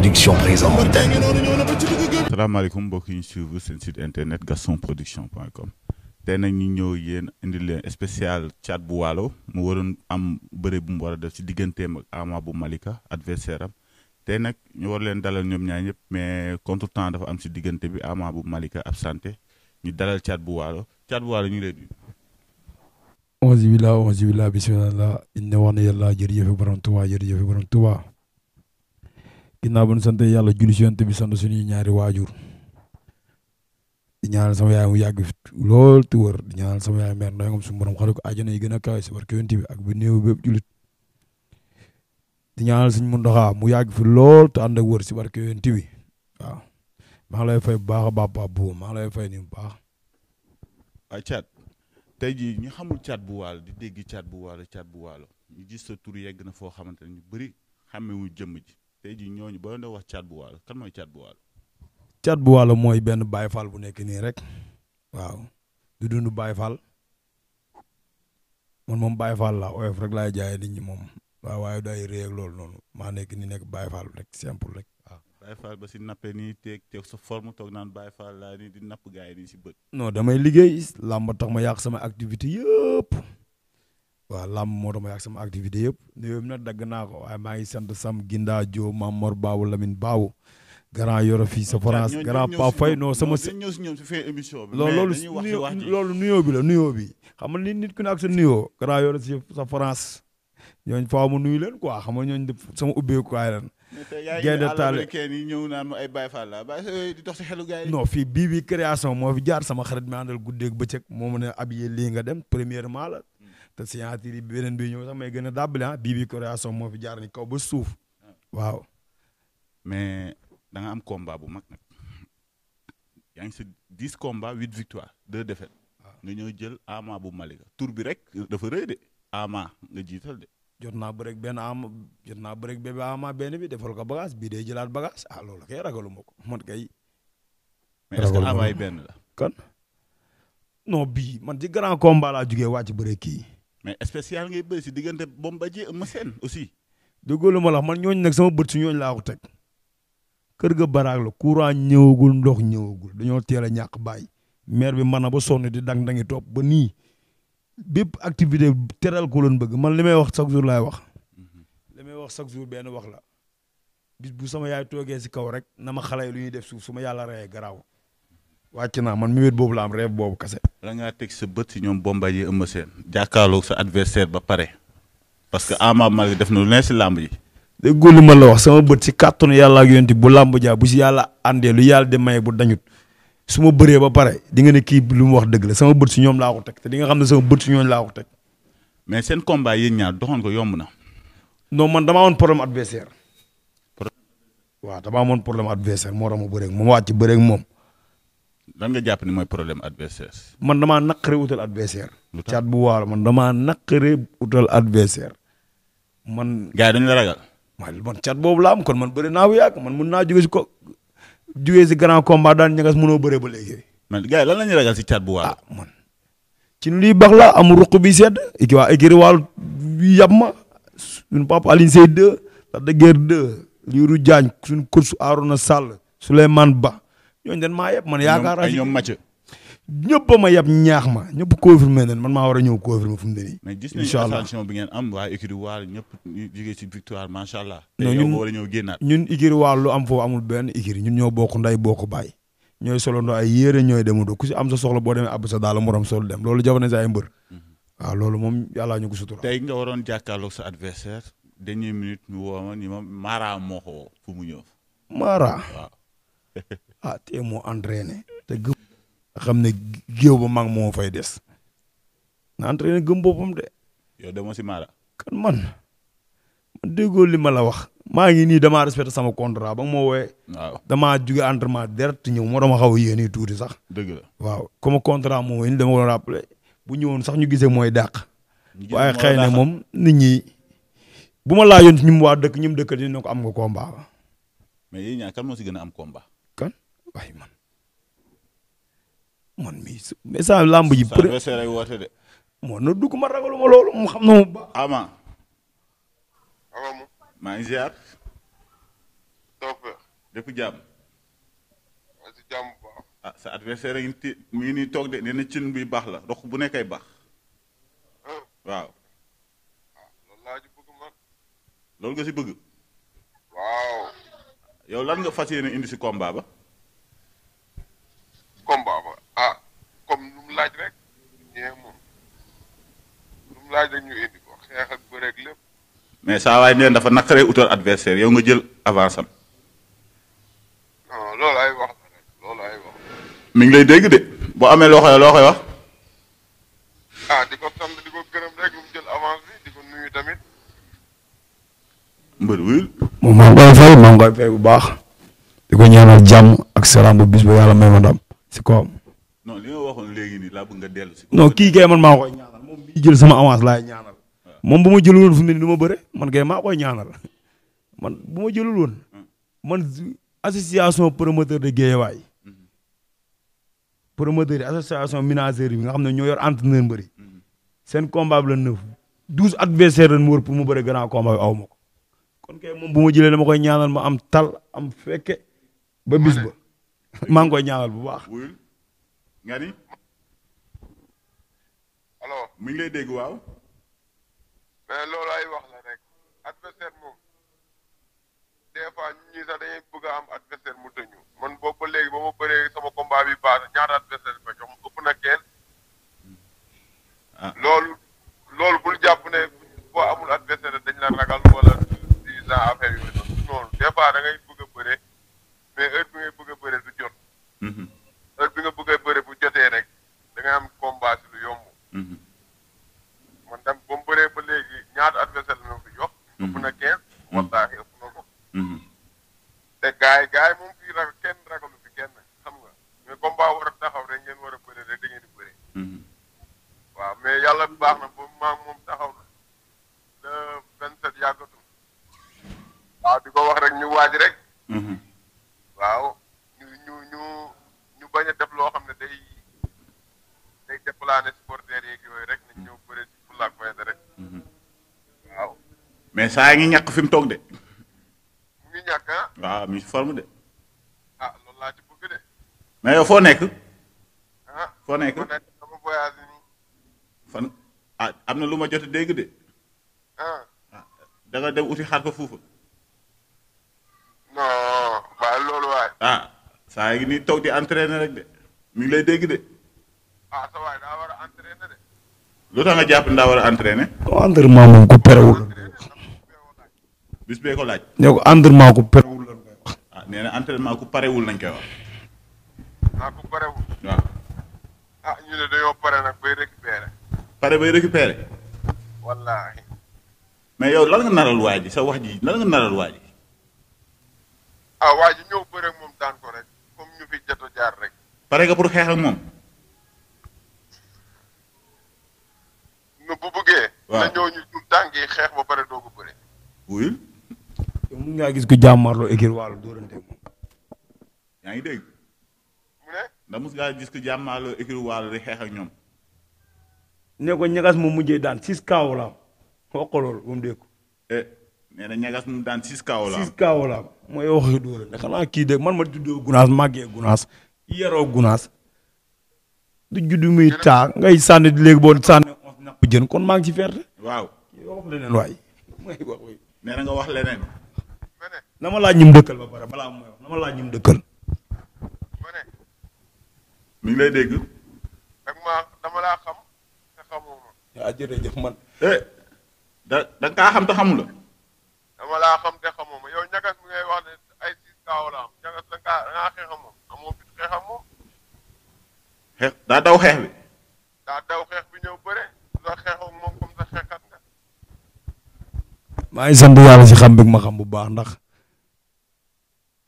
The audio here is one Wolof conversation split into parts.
Production présente. salaamaaleykum mbokk yi ñu suivre seen site internet gastonproduction.com tey nag ñu ñëw yéen indi leen spécial Thiat bu Waalo mu waroon am bëre bu mu war a def ci digganteem ak Ama bu Malika adversaire am tey nag ñu war leen dalal ñoom ñaar ñëpp mais contretemps dafa am si diggante bi Ama bu Malika absenté ñu dalal Thiat bu Waalo Thiat bu Waalo ñu ngi lay nuyu. onze billah onze billah bismillah inna wa na yàlla jërëjëf borom Tuubaa jërëjëf borom Tuubaa ginnaaw ba ñu sant yàlla julli si yonent bi sant suñuy ñaari waajur di ñaanal sama yaay mu yàgg fi lool tu wër di ñaanal sama yaay mère Ndeye Ngom suñu borom xale ko àjjana yi gën a kawe si barke yonent bi ak bu néew bépp jullit di ñaanal suñu mu yàgg fi lool te ànd ak si barke yonent bi waaw lay fay bu baax a baax bu maa ngi lay fay ni bu baax. waaye caat tey jii ñu xamul caat bu waalo di dégg caat bu waalo caat bu waalo ñu gis sa tur yegg na foo xamante ne ni bari xàmmewuñu jëmm ji. te jii ñooñu boo leen wax caat bu waalo kan mooy caat bu waalo. caat bu waalo mooy benn Baye Fall bu nekk nii rek waaw du dund Baye Fall man moom Baye Fall laa oyof rek laay jaayee nit ñi moom waaw waaye du ay rëy loolu noonu maa nekk nii nekk Baye Fall rek simple rek waaw. Ah, Baye Fall ba si nappee nii teeg teeg sa forme toog naan Baye Fall laa nii di napp gars yi nii si bët. noo damay liggéey làmb tax ma yàq sama activité yëpp. waaw làmb moo tax may ak sama activité yëpp yooyu nag dagg naa ko waaye maa ngi sant Sam Ginda Dio Mam Mor Baabu Lamine Baabu grand yoro fii sa France grand pa fay non sama si loolu loolu bi la nuyoo bi xam nga nit ku ne ak sa nuyoo grand yoro si sa France ñooñ faaw ma nuyu leen quoi xam nga ñooñ def sama ubbeekuwaay lan gaynde taale non fii bii bi création moo fi jaar sama xarit mi àndal guddeeg bëccëg moo mu ne ab yee lii nga dem premièrement la te signature yi beneen bi ñëw sax may gën a dàbbali ah bii bi création moo fi jaar ni kaw ba suuf ah. waaw mais da nga am combat bu mag nag yaa ngi si dix combats huit victoires deux défaites ah. nga ñëw jël ama bu mali Malika tur bi rek dafa rëy a ama nga jiital de jot naa bëreeg benn ama jot naa bëreeg benn bi defal ko bagage bii day jëlaat bagage ah loolu kay ragalu ma ko man kay mais est-ce que ama yi benn la kon non bii man ci grand combat laa jugee wàcc bëre kii mais spécial ngay bëri si diggante Bombardier Eumeu Sène aussi. déggoo lu ma man ñooñu nag sama bët si ñooñu laa ko teg kër ga baraag la courant ñëwagul ndox ñëwagul dañoo teel a ñàkk bàyyi maire bi mën na ba sonn di dang dangi toog ba nii bépp activité teral ko loon bëgg man li may wax chaque jour laay wax. Mhm. li may wax chaque jour benn wax la bis bu sama yaay toogee si kaw rek na ma xale lu ñuy def suuf su ma yàlla reyee garaaw. wàcc naa man mi wét boobu la am rêve boobu kase. la ngaa teg sa bët si ñoom Bombardier Eumeu Sène. jàkkaarloog sa adversaire ba pare. parce que Ama Baldé def na lu ne si làmb yi. déggoo li ma la wax sama bët si kàttanu yàlla ak bu làmb jaa bu si yàlla àndee lu yàlla di maye bu dañut su ma bëree ba pare di nga ne kii lu mu wax dëgg la sama bët si ñoom laa ko teg te di nga xam ne sama bët si ñoom laa ko teg. mais seen combat yéen ñaar doxoon ko yomb na. non man damaa amoon problème adversaire. waaw damaa amoon problème adversaire moo tax ma bëree ak moom wàcc bëree ak moom lan nga jàpp ni mooy problème adversaire. man damaa naqare utal adversaire. caat bu waalo man damaa naqare utal adversaire. man. gars yi dañu la ragal. man cat boobu laa am kon man bëri naa bu yàgg man mun naa jóge si ko jóge si grand combat daan ñagas mënoo bëree ba léegi. man gars yi la ñuy ragal si caat bu waalo. ah man ci lii baax la amul ruq bi sedd. kii waa écurie Waalo yab ma suñu papa Alioune Seye 2. Lac de Guiers 2. Lirou Diagne suñu coach Arouna Sall. Souleymane Ba. ñooñu dañ maa yeb man yaakaar ay ñoom match man ma yeb ñaax ma ñëpp confirmé nañ man maa war a ñëw confirmé fu mu ne nii. mais gis nañu ascension bi ngeen am waa écurie Waalo ñëpp jógee ci victoire macha allah. ñun a ñëw génnaat. ñun écurie Waalo lu am foofu amul benn écurie ñun ñoo bokk nday bokk baay ñooy solandoo ay yére ñooy demandoo ku am sa soxla boo demee ab sa daal morom sol dem loolu jafe na sa ay mbër. Mhm. loolu moom yàllaa ñu ko sutura. tey nga waroon jàkkaarloog sa adversaire dernière minute mu woo ma ma Mara moo ko woo fu mu ñëw. Mara a ah, tey moo entraîné te gëm xam ne géew ba mag moo fay des na entraîné gëm boppam de. yow si Mara. kan man man déggoo li ma la wax. maa ngi nii damaa respecté sama contrat ba moo wooyee. waaw damaa jóge entraînement direct ñëw moo dama xaw a yéene tuuti sax. dëgg la waaw comme contrat moom ni dama ko rappelé bu ñëwoon sax ñu gisee mooy dàq. waaye xëy na moom nit ñi. bu ma laajoon ci ñum waa dëkk ñum dëkk dina ko am nga combat. mais yéen ñaar kan moo si gën a am combat. waaye man man mii mais sa lamb ji. sa adversaire ay woote de. moo na dugg ma ragaluma loolu mu xam na mu ba. ama maa ngi ziar. dëpp jàmm. ah sa adversaire yi mu ngi nii toog de nee na cin bi baax la dox bu nekkay baax. Ah. waaw. Ah, loolu nga si bëgg. waaw. yow lan nga fas yéene indi si combat ba. combat ba ah comme lu mu laaj rek ñee moom lu mu laaj rek ñu indi ko xeex ak bëreeg lépp. mais saa waay neen dafa naqaree utal adversaire yow nga jël avance am. non ngi lay dégg de boo amee loo a loo koy wax. Ah, di ko sant di ko gërëm rek lu mu jël avance bi di ko nuyu tamit. mbër wuyul. moom maa ngi koy maa ngi koy bu baax. di ko ñaanal jàmm ak salaam bu bis ba yàlla may ma si kawam. non li nga waxoon léegi nii laa nga dellu si. non kii kay man maa koy ñaanal moom bi jël sama avance laay ñaanal. moom bu ma jëlul woon fu mu ma bëre man kay maa koy ñaanal man bu ma jëlul woon. Hmm. man association promoteur de Guédiawaye. Hmm. promoteur yi association ménagère yi nga xam ne ñoo yor entraîneur mbëri. Hmm. seen combat bi la neuf douze adversaires mu wër pour mu bëre grand combat aw ma ko. kon kay moom bu ma jëlee dama koy ñaanal ma am tal am feke ba bis ba. maa ngi koy ñaanal bu baax. wuyul nga ni. allo. mi ngi lay dégg waaw. mais loolu ay wax la rek. adversaire moom. des fois ñun ñii sax dañuy bëgg a am adversaire mu tëñu man boobu ba léegi ba ma bëree sama combat bi baax ñaata adversaire ba jox ëpp na kenn. Ah. loolu loolu bul jàpp ne boo amul adversaire dañ la ragal wala dix ans affaire yu mel noonu des fois bëgg a bëree mais heure ngay bëgg a bëree. Mm-hmm. heure bi nga bëggee a bëre bu jotee rek da am combat si lu yomb. Mm-hmm. man tam ba mu bëree ba léegi ñaata adversaire la fi jox. ëpp mm-hmm. na 15. wallaahi ëpp na ko. te gaay gaay moom fii ragal kenn ragalu fi kenn xam nga mais combat war a taxaw rek ngeen war a bëre rek da di bëre. waaw mais yàlla baax na ba maa moom taxaw na le 27 yàggatul. waaw di ko wax rek ñu waaj rek. waaw. ñu ñu ñu bañ a def loo xam ne day day déplané supporters yeeg yooyu rek nañ ñëw bëre ci fulla ak rek. Mhm. mais saa ngi ñàkk fi mu toog de. mu ngi ñàkk ah. waaw mu ngi de. ah foo nekk. ah foo nekk dama fan ah am na lu ma jot a dégg de. ah, ah da nga dem uti xar fa fuufu. non waaye loolu waaye. Ah. saa ngi nii toog di entraîner rek de mi ngi lay dégg de. ah sa a nga jàpp ne daa war a entraîner. entraînement moom ku ko laaj. ñoo ko entraînement ku perewul lañ ah nee na entraînement ku parewul lañ koy wax. ah ku parewul. waaw. ah ñu pare nag bay récupérer. pare mais yow lal nga naral waa sa wax ji lan nga naral waa ah waa ñëw. pare nga pour xeex ak moom. bu bëggee. na ñëw ñu tànk yi xeex ba pare doo ko bëre. wuyul. yow mun gis ku jàmmarloo écurie Waalo dóorante moom. yaa ngi dégg. mu ne. ndax mos ngaa gis ku jàmmarloo écurie Waalo di xeex ak ñoom. ne ko ñagas mu mujjee daan six kaw la am wax ko loolu mu dégg ko. Eh, ñagas mu daan six kaw la am. six kaw la am kii dégg man ma juddoo gunaas màggee gunaas. ki yaroo gunaas du judd muy taa ngay sànni léegi boo sànni on napp jën kon maa ngi ci ferte. waaw wax waay. nee na nga wax leneen. na ma laa ñim dëkkal ba pare balaa mooy wax na ma laaj ñim dëkkal. mi ngi lay dégg. nag dama laa xam te eh, da da nga xam la. dama laa xam te xamoo ma yow ñagas mi ngay wax ne. kaaw la am xeex daa daw xeex bi. daa ñëw bëre da xeexoo moom comme sa xeexkat nga. maa ngi sant yàlla si xam bi ma xam bu baax ndax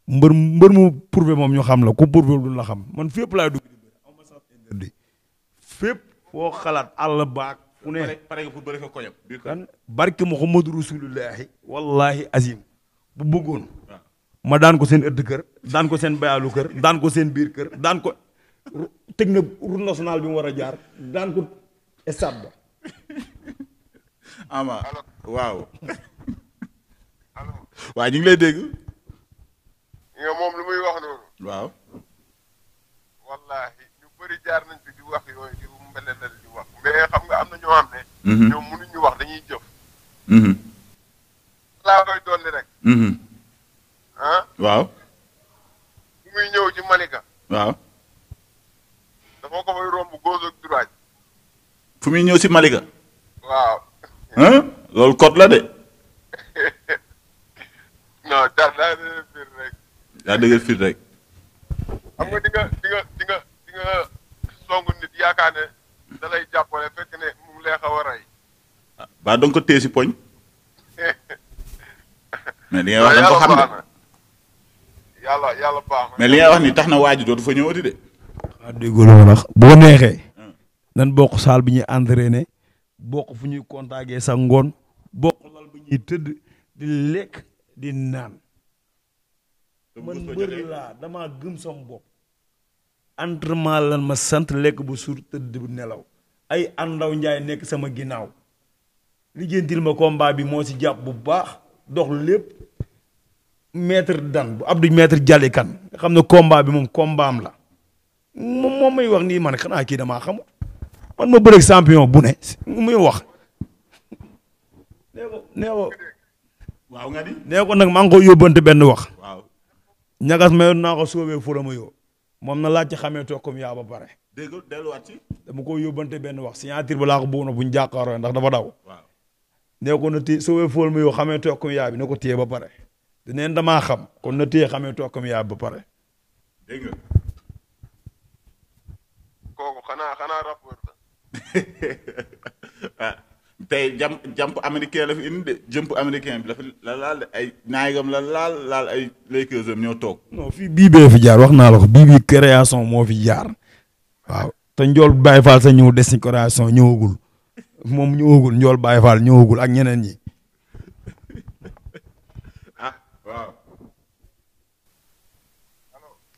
mbër mbër mu prouvé moom ñu xam la ku prouvé duñ la xam man fépp laay dugg. fépp foo xalaat àll baak ku ne pare pour bëri ko koñam kan barke Muhammadu Rasulullahi wallahi azim bu bëggoon ma daan ko seen ëtt kër daan ko seen bayaalu kër daan ko seen biir kër daan ko teg na route nationale bi mu war a jaar daan ko stade ba. ama waaw. waaw ñu lay dégg. moom lu muy wax noonu. waaw. wallaahi ñu bëri jaar nañ fi di wax yooyu di mbelelal wax mais xam nga am na ñoo xam ne. Mhm. ñoom mënuñu wax dañuy jëf. Mhm. laa koy dolli rek. Mhm. ah. waaw. bi muy ñëw ci Malika. waaw. dafa ko fay romb góos ak droit. fu muy ñëw si Malika. waaw. ah loolu code la de. daa dëgër fiir rek. daa dëgër fiir rek. xam nga di nga di nga di nga di nga song nit yaakaar ne da lay jàppale fekk ne mu ngi lay xaw a rey. Ah, baa da ko téye si poñ. mais li wax da ko xam ne. yàlla yàlla mais li nga wax ni tax na waa ji dootu fa ñëwati de. waaw ah, déggoo la wax boo neexee. nan bokk saal bu ñuy ne bokk fu ñuy contacter sa ngoon bokk lal bi ñuy tëdd di lekk di naan. man mbër laa damaa gëm sam bopp. entraînement lan ma sant lekk bu suur tëdd bu nelaw. ay àndaw njaay nekk sama ginnaaw. lijjantil ma combat bi moo ci jàpp bu baax dox lépp. maître dan bu Abdou maître Jali kan nga xam ne combat bi moom combat am la moom moom may wax nii man xanaa kii damaa xamul man ma bëreeg champion bu mu muy wax. nee ko nee ko waaw nga di ko nag maa ngi benn wax. waaw ñagas mayoon naa ko soobee fura ma yoo moom na laaj ci xamee toog comme yaa ba pare. dégg delluwaat ci. dama ko yóbbante benn wax signature ba laa ko bëggoon bu ñu jàkkaaroo ndax dafa daw. nee ko na téye soobee fura ma yoo xamee toog comme yaa ne ko téye ba pare. dineen dama xam kon na téye xamee tookam yaa ba pare dégg nga kooku xanaa xanaa rapport la ah jam jàmp américain la fi indi de jëmp américain bi dafa la laal ay naayigam la laal ay Lakersam ñoo toog non fii bii bee fi jaar wax naa la ko bii création moo fi jaar waaw te njool Baye Fall sa ñëw des ci création ñëwagul moom ñëwagul njool Baye Fall ñëwagul ak ñeneen ñi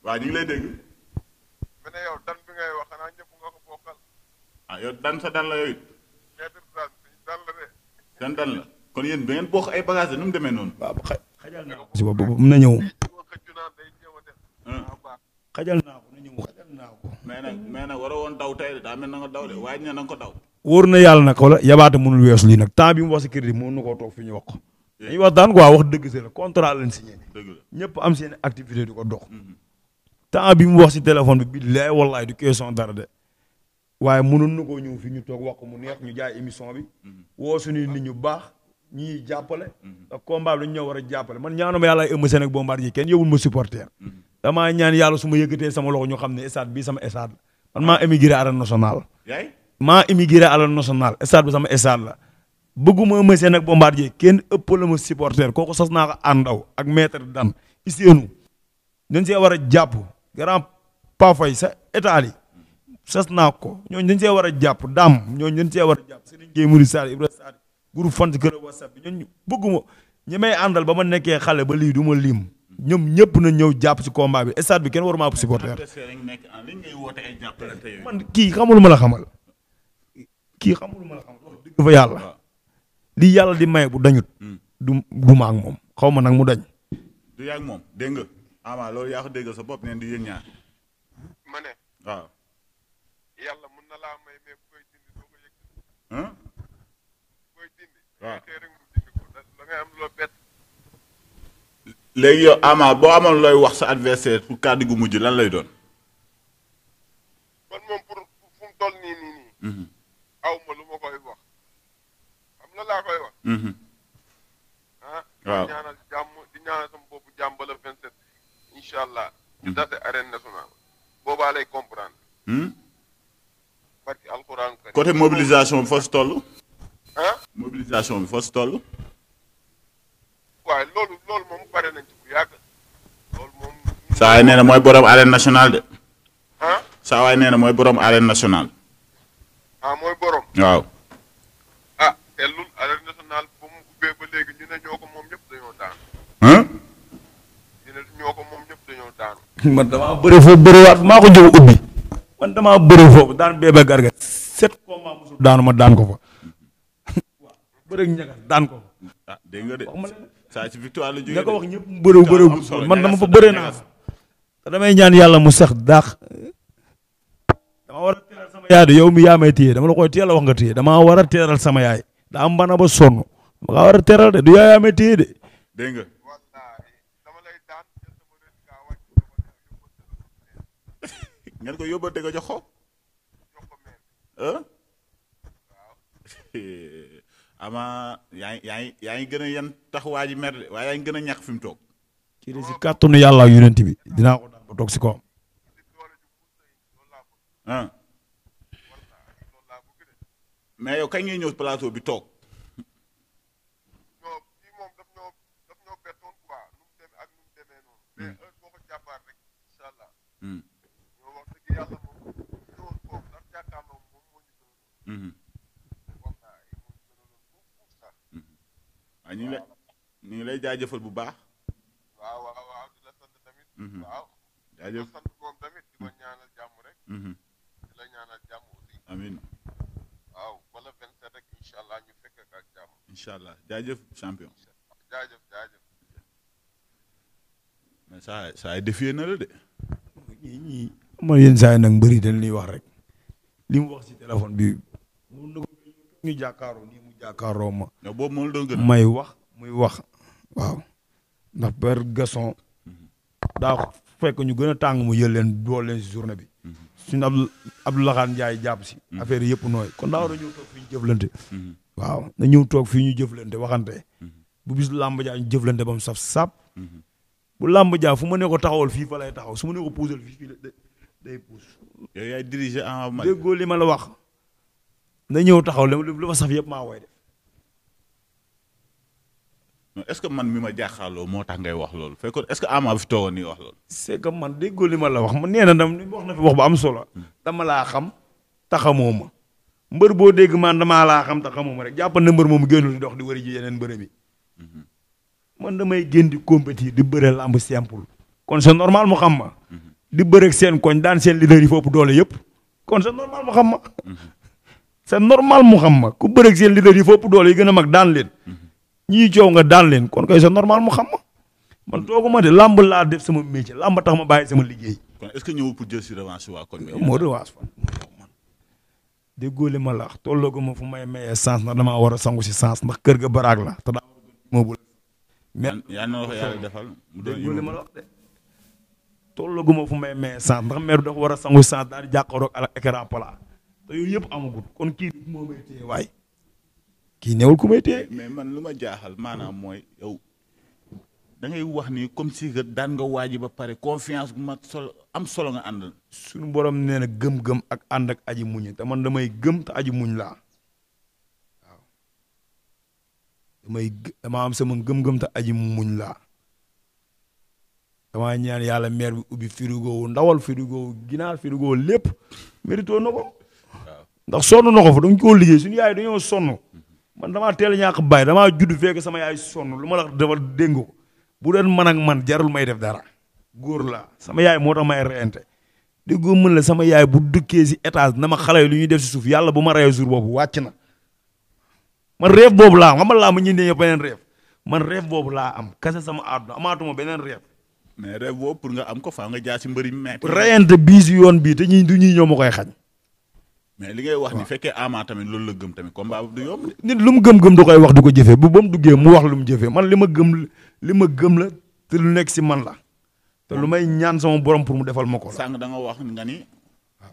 waa ñu ngi lay dégg. ma ne ah, yow dan sa dan la yooyu. maître dan dan la ay bagages la demee noonu. waaw xaj xajal naa ko. si bopp boobu mun na ñëw. Ah. Ah, xajal naa ko na ñëw xajal naa ko. mais nag mais nag waroo woon daw tey de daa mel na nga daw de waaye ñu ne na nga ko daw. wóor na yàlla nag wala yabaate mënul weesu lii nag temps bi mu wax si crédit mënu koo toog fi ñu wax ko. dañuy wax daan quoi wax dëgg si la contrat lañ signé. ñëpp am seen activité di ko dox. Mm-hmm. temps bi mu wax si téléphone bi billaay wallaay du question dara de waaye mënoon na koo ñëw fi ñu toog wax ko mu neex ñu jaay émission bi mm-hmm. woo suñuy nit ñu baax ñuy jàppale ndax mm-hmm. combat bi dañu war a jàppale man ñaanuma yàlla Eumeu Sène ak Bombardier kenn yowul ma supporter mm-hmm. damaa ñaan yàlla su ma yëkkatee sama loxo ñu xam ne stade bi sama stade la man maa émigré arène nationale maa émigré arène nationale stade bi sama stade la bëgguma Eumeu Sène ak Bombardier kenn ëppale ma supporter kooku sas naa ko àndaw ak maître dan iseenu dañ see war a jàpp grand pafay sa état yi sas naa ko ñooñ dañ see war a jàpp daam ñooñ dañ see war a jàpp Serigne Gueye Mouride Sarr Ibrahima Sarr groupe fan kër WhatsApp bi ñooñu bëgguma ñi àndal ba ma nekkee xale ba lii du ma lim ñoom ñëpp na ñëw jàpp si ci combat bi stade bi kenn war maa ko supporter man kii xamul ma la xamal kii xamul ma la xamal wax dëgg fa yàlla li yàlla di may bu dañut hmm. du ma ak moom xaw ma nag mu dañ du yaa ak nga ama loolu yaa ko déggal sa bopp neen di yëg ñaar. ma ne. waaw. yàlla mun na laa may mais koy dindi doo ko yëg. koy am loo bett. léegi yow ama boo amoon looy wax sa adversaire pour kàddu mujj lan lay doon. man moom pour fu mu toll nii nii mhm. aw ma lu ma koy wax. xam na laa koy wax. Mhm. Ah, incha allah. ñu hmm. dase arène nationale. boobaa lay comprendre. parce hmm? que alxuraan côté mobilisation bi fas toll. ah. mobilisation bi loolu loolu moom pare nañ ci bu yàgg. loolu moom. saa waay nee mooy borom arène nationale de. saa waay nee mooy borom arène nationale. ah mooy borom. waaw. ah te loolu arène nationale ba mu ubbee ba léegi ñu ne ñoo ko man damaa bëri foofu bëriwaat maa ko jëm ubbi man damaa bëri foofu daan Bébé Garga sept combat musul daanu ma daan ko fa waaw bëri ñagas daan ko fa ah dégg nga de saa si victoire la jógee nga ko wax ñëpp bëriw bëriw man dama fa bëree naa te damay ñaan yàlla mu sax daax dama war a teeral sama yaay de yow mi yaa may téye dama la koy teel a wax nga téye damaa war a teeral sama yaay daa mbana ba sonn dama war a teeral de du yaa yaa may téye de dégg nga ngeen ko yóbbante nga jox ko. ah. ama yaa ngi yaa yaa ngi gën a yan taxawaay ji mer de waaye yaa gën a ñàkk fi mu toog. ci de si kàttanu yàlla ak yonent bi dinaa ko daan ba toog si ko ah. mais yow kañ ngay ñëw plateau bi toog. Mm. yàlla mm-hmm. mm-hmm. ah, ñu gënaloon. ngi lay ñu lay jaajëfal bu baax. waaw waaw waaw di la sant tamit. jaajëf di rek. di la ñaanal jàmm mm-hmm. aussi. waaw wala 27 rek incha allah jaajëf champion. saa saa yi defee na la de. man yenn saa yi nag mbëri dañ lay wax rek li mu wax si téléphone bi ñu jàkkaaroo nii mu jàkkaaroo ma. boobu moom la doon gën may wax muy wax. waaw ndax per Gasson daa fekk ñu gën a tàng mu yël leen dool leen si journée bi. Mm-hmm. suñu ab Abdou Lakhane Ndiaye jàpp si. Mm-hmm. affaire yi yëpp nooy kon daa war a ñëw toog fi ñu jëflante. Mm-hmm. waaw na ñëw toog fii ñu jëflante waxante. bu bis làmb jaa ñu jëflante ba mu saf sap. bu làmb jaa fu ma ne ko taxawal fii fa lay taxaw su ma ne ko puusal fii fii day puus. yow yaay déggoo li ma la wax. na ñëw taxaw lu ma saf yëpp maa woy def. non man mi ma jaaxaaloo moo tax ngay wax loolu fekkoon est-ce que Ama fi toogoon nii wax loolu. c'est que man déggoo li ma la wax man nee na dam wax na fi wax bu am solo. dama laa xam taxamoo ma. mbër boo dégg man damaa laa xam taxamoo ma rek jàppal na mbër moomu génnul di dox di wari ji yeneen mbër bi mhm. man damay génn di compétir di bëre lamb simple. kon c'est normal mu xam ma. di bëreeg seen koñ daan seen leader yi foofu doole yëpp kon c'est normal mu xam ma c'est normal mu xam ma ku bëreeg seen leader yi foofu doole yi gën a mag daan leen ñii coow nga daan leen kon kay c'est normal mu xam ma man ma de lamb laa def sama métier làmb tax ma bàyyi sama liggéey. kon est jël si revanche waa kon. moo revanche fa déggoo li ma la wax tolloo ma fu may mayee sens ndax damaa war a sangu si sens ndax kër ga baraag la te daa moo bul. mais la tollaguma fu may maye sens ndax maire dafa war a sangu sens daal di jàkkaarloog ak écran plat te yooyu yëpp amagul kon kii moo waay kii newul ku may téye. mais man lu ma jaaxal maanaam mooy yow da ngay wax ni comme si que daan nga waaji ba pare confiance bu ma solo am solo nga àndal. suñu borom nee na gëm-gëm ak ànd ak aji muñ te man damay gëm te muñ laa. damay dama am sama ngëm-ngëm te aji muñ laa damaa ñaan yàlla maire bi ubbi frigo wu ndawal frigo wu ginaar frigo wu lépp mérito na ko ndax sonn na ko fa dañ koo liggéey suñu yaay dañoo sonn man damaa teel a ñàkk bàyyi damaa judd fekk sama yaay sonn lu mala la dafa dégg ko bu doon man ak man jarul may def dara góor la sama yaay moo tax may reyante déggoo mën la sama yaay bu dëkkee si étage na ma xale yi lu ñuy def si suuf yàlla bu ma reyee jour boobu wàcc na man réef boobu laa am xamal laa ma ñëndee beneen réef man réef boobu laa am kase sama àdduna amaatuma beneen réef mais rêve boobu pour nga am ko faa nga jaar ci mbëri metti rayante bii si yoon bii te ñi du ñuy ñoo ma koy xañ mais li ngay wax ni fekkee ama tamit loolu la gëm tamit combat du yomb nit lu mu gëm-gëm da koy wax du ko jëfee bu ba mu duggee mu wax lu mu jëfee man li ma gëm li ma gëm la te lu nekk si man la te lu may ñaan sama borom pour mu defal ma ko la danga da nga wax nga ni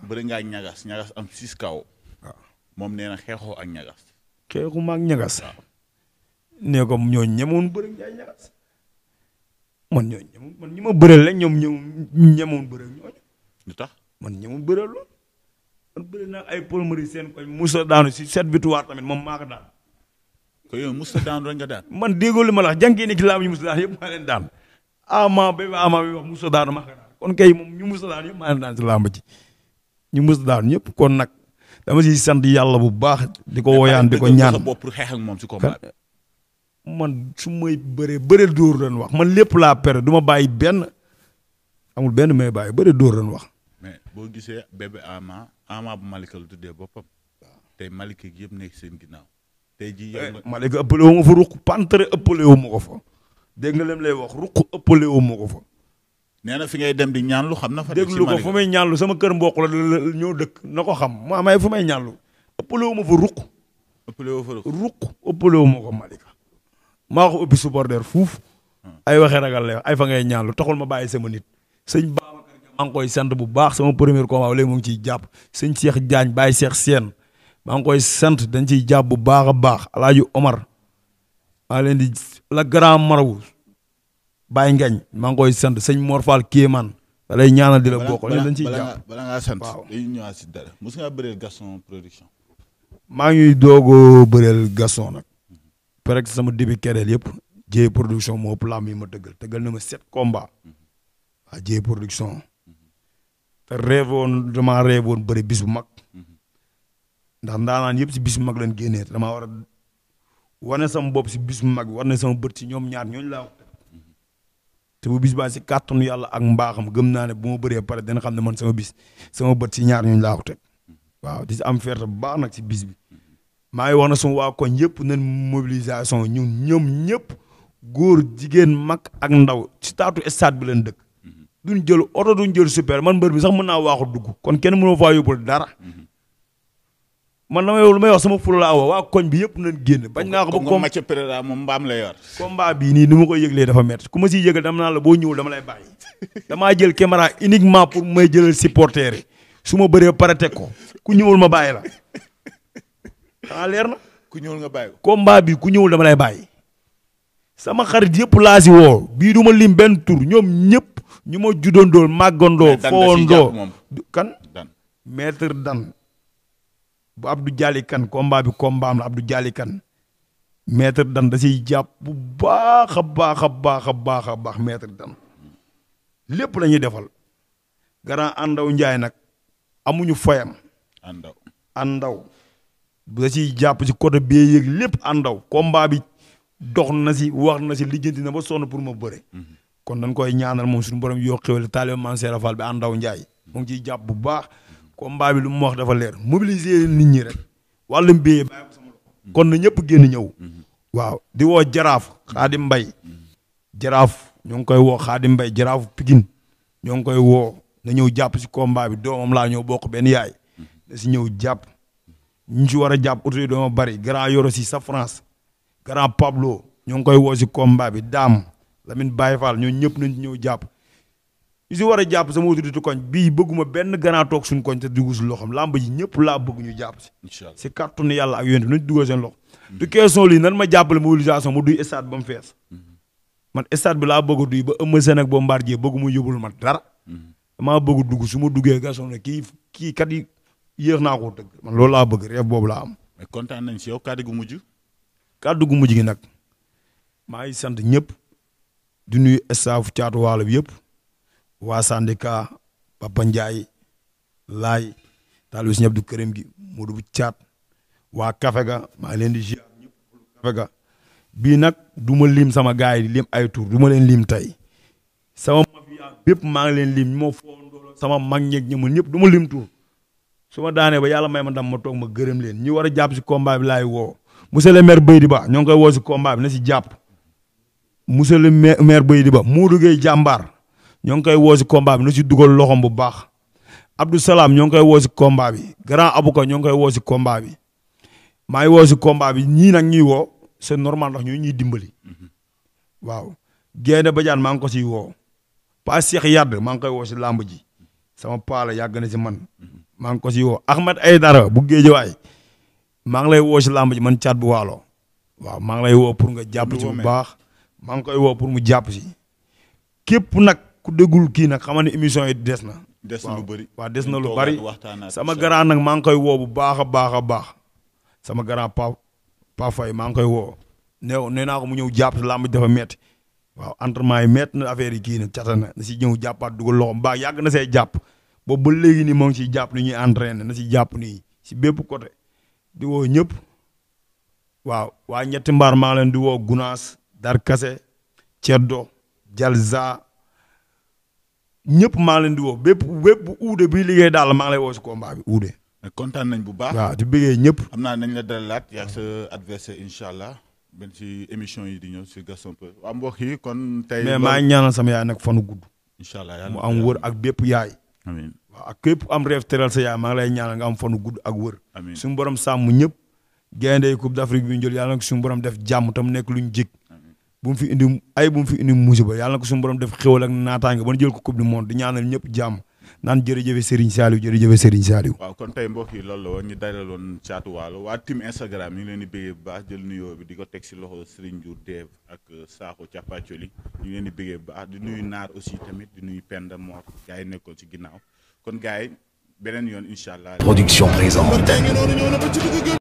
bëri ngaa ñagas ñagas am six kaw waaw moom nee na xeexoo ak ñagas xeexuma ak ñagas nee ko ñoo ñemoon bëri ngaa ñagas man ñooñu man ñi ma bëreel la ñoom ñoom ñemoon bëreel ñooñu. lu tax man ñemoon bëreel lool. man bëreel naa ay polmeri seen koñ Moussa daanu si sept victoire tamit moom maa ko daan. ko yow Moussa daanu rek nga daan. man déggoo li ma la wax jànkee ni ci laabu ñu Moussa daan yëpp maa leen daan ama ba ama bi wax Moussa daanu maa ko daan kon kay moom ñu Moussa daan yëpp maa leen daan si làmb ji ñu Moussa daan ñëpp kon nag dama siy sant yàlla bu baax. di ko woyaan di ko ñaan bopp xeex ak moom si combat man su may bëree bëre dóor lañ wax man lépp laa pere duma ma bàyyi benn amul benn may bàyyi bëre dóor lañ wax. mais boo gisee bébé Ama Ama bu Malika lu tuddee boppam. te Malika gi yëpp nekk seen ginnaaw. tey jii yëpp eh, ma fa ruq pantere ëppale wu ma ko fa. dégg nga leen lay wax ruq ëppale wu ma ko fa. nee na fi ngay dem di ñaanlu xam na fa. déglu ko fu may ñaanlu sama kër mbokk la ñoo dëkk na ko xam maa fu may ñaanlu. ëppale ma fa ruq. ëppale wu Malika. maa ko ubbi supporter fuuf ay waxee ragal la ay fa ngay ñaan lu ma bàyyi sama nit sëñ Babacar maa ngi koy sant bu baax sama premier combat léegi mu ngi ciy jàpp sëñ Cheikh Diagne Baye Cheikh Sène maa ngi koy sant dañ ciy jàpp bu baax a baax Alaaji Omar maa leen di la grand marabout Baye Ngañ maa ngi koy sant sëñ Mor Fall Kéemaan da lay ñaanal di la bokk léegi dañ ciy jàpp bala ngaa sant dañuy ñëwaat si dara mos ngaa bëreel Gaston production maa ngi doog a par sama début kereel yëpp Dieye production moo ëpp lamb yi ma tëggal tëggal na ma sept a mm-hmm. waa Dieye production mm-hmm. te rêve woon damaa rêve woon bëri bis bu mag mm-hmm. ndax ndaanaan yëpp si bis bu mag lañ génnee te damaa war a wane sama bopp si bis bu mag war na sama bët si ñoom ñaar ñooñu laa wax si kàttanu yàlla ak mbaaxam gëm naa ne bu ma bëree pare dina xam ne man sama bis sama bët si ñaar ñooñu laa ko si am fierté bu nag si bis bi maa ngi wax na suma waa koñ yëpp nañ mobilisation ñun ñoom ñëpp góor jigéen mag ak ndaw ci taatu stade bi leen dëkk duñ jël oto duñ jël super man mbër bi sax mën naa waaxu dugg kon kenn mënoo faa dara man damay lu may wax sama fula waa koñ bi yëpp génn bañ naa ko ba match président moom mbaam la yor combat bii nii ni ma koy yëglee dafa métti ku ma siy yëgal dama naa la boo ñëwul dama lay bàyyi damaa jël caméra uniquement pour may jëlal supporter yi su ma bëree pare teg ko ku ñëwul ma bàyyi la ah leer na. ku ñëwul nga bàyyi bi ku ñëwul dama lay bàyyi. sama xarit yépp laa si woo bii du tur ñoom ñëpp ñuma ma juddoondoo màggandoo. foondoo kan. maître dan bu Abdou Dialy kan combat bi combat am la Abdou Dialy kan. maître dan da siy jàpp bu baax a baax a baax a baax a dan lépp la defal. grand Andaw njaay nag amuñu foyam. Andaw Andaw. bu da ciy jàpp ci côté bi yëg lépp àndaw combat bi dox na si wax na si lijjanti na ba sonn pour ma bëre. kon dañ koy ñaanal moom suñu borom yoo xéwale taalibe Maam Seera Fall be àndaw Ndiaye. mu ngi ciy jàpp bu baax. combat bi lu mu wax dafa leer mobiliser nit ñi rek. wàllum biyee bàyyi kon na ñëpp génn ñëw. waaw di woo jaraaf Xaadim Mbay jaraaf ñoo ngi koy woo Xaadim Mbay jaraaf Pikine ñoo ngi koy woo na ñëw jàpp si combat bi doomam laa ñëw bokk benn yaay. na si ñëw jàpp. ñu si war a jàpp autorité dama bari grand Yoro si sa France grand Pablo ñoo ngi koy woo si combat bi Dame Lamine Baye Fall ñoo ñëpp nañ ñëw jàpp. ñu si war a jàpp sama autorité koñ bii bëgguma benn grand toog suñu koñ te dugg si loxoom làmb ji ñëpp laa bëgg ñu jàpp si. incha allah si kàttanu yàlla ak yonent bi nañ dugal seen loxo. du question lii nan ma jàppale mobilisation ma duy stade ba mu fees. Mm-hmm. man stade bi laa bëgg a duy ba Eumeu Sène ak Bombardier bëgguma yóbbul ma dara. Mm-hmm. damaa bëgg dugg su ma duggee garçon ne kii kat yi yéex naa ko dëgg ma loolu laa bëgg rêve boobu laa am. mais kontaan nañ si yow kàddu gu mujj. kàddu gu mujj gi nag maa ngi sant ñëpp di nuyu staff caatu waalo bi yëpp waa syndicat Papa Ndiaye laay taalibu si ñëpp du këram gi Modou bu caat waa kafe ga maa ngi leen di ziar ñëpp kafe ga bii nag du ma sama gars yi di lim ay tur du ma tey sama mafia bépp maa ngi leen lim ñu ma foo sama mag ñeeg ñëpp du ma lim tur su ma daanee ba yàlla may ma ndam ma toog ma gërëm leen ñi war a jàpp si combat bi laay woo monsieur le maire Baydiba ñoo ngi koy woo si combat na si jàpp monsieur le maire Baydiba Modou Gueye jàmbaar ñoo ngi koy woo si combat bi na si dugal loxom bu baax Abdou Salam ñoo ngi koy woo si combat bi grand abuka ñoo ngi koy woo si combat bi maa ngi woo si combat bi ñii nag ñuy woo c'est normal ndax ñoo ñuy dimbali mm-hmm. waaw Gaynde Badiane maa ngi ko siy woo Pa Cheikh Yade maa ngi koy woo si làmb ji sama paala yàgg na si man mm-hmm. maa ngi ko si woo Ahmed Aidara bu Géejawaay maa ngi lay woo si làmb ji man caat bu waalo waaw maa ngi lay woo pour nga jàpp ci bu baax maa ngi koy woo pour mu jàpp si képp nag ku déggul kii nag xaman ne émission yi des na des na lu bëri des na lu bëri sama grand nag maa ngi koy woo bu baax a baax a baax sama grand pa pa fay maa ngi koy woo new nee naa ko mu ñëw jàpp si làmb ji dafa metti waaw entraînement yi metti na affaire yi kii na cata na si ñëw jàppaat dugal loxom baax yàgg na see jàpp boobu ba léegi nii moo ngi ciy jàpp ni ñuy entraîné na si jàpp nii si bépp côté di woo ñëpp waaw waa ñetti mbaar maa leen di woo Gunaas Darkase Ceddo Jalza ñëpp maa leen di woo bépp bépp uude bi liggéey daal maa ngi lay woo si combat bi uude. kontaan nañ bu baax waaw di bëggee ñëpp. xam naa nañ la dalalaat yaa sa adversaire incha allah benn si émission yi di ñëw si Gaston Peu yi kon. tey mais maa ngi ñaanal sama yaay nag fanu mu am wër ak bépp yaay. amiin waaw ak képp am reef teral sa yaay maa ngi lay ñaanal nga am fanu gudd ak wër. amiin suñu borom sàmm ñëpp. gaynde coupe d'Afrique bi ñu jël yàlla na ko borom def jàmm tam nekk lu jik bu mu fi indi ay bu mu fi indi musiba yàlla na ko suñu borom def xéwal ak naataange ba ñu jël ko coupe du monde di ñaanal ñëpp jàmm naan jërëjëf Serigne Saliou jërëjëf Serigne Saliou. waaw kon tey mbokk yi loolu la woon ñu dalaloon Thiatou Walo waa team Instagram ñu ngi leen di bëggee bu baax jël nuyoo bi di ko teg si loxo Serigne Diour Dev ak euh, Sakho Thiapathioli ñu ngi leen di bëggee bu baax di nuyu Naar aussi tamit di nuyu Penda Mor gars yi nekkoon si ginnaaw kon gars yi beneen yoon incha allah. production présente.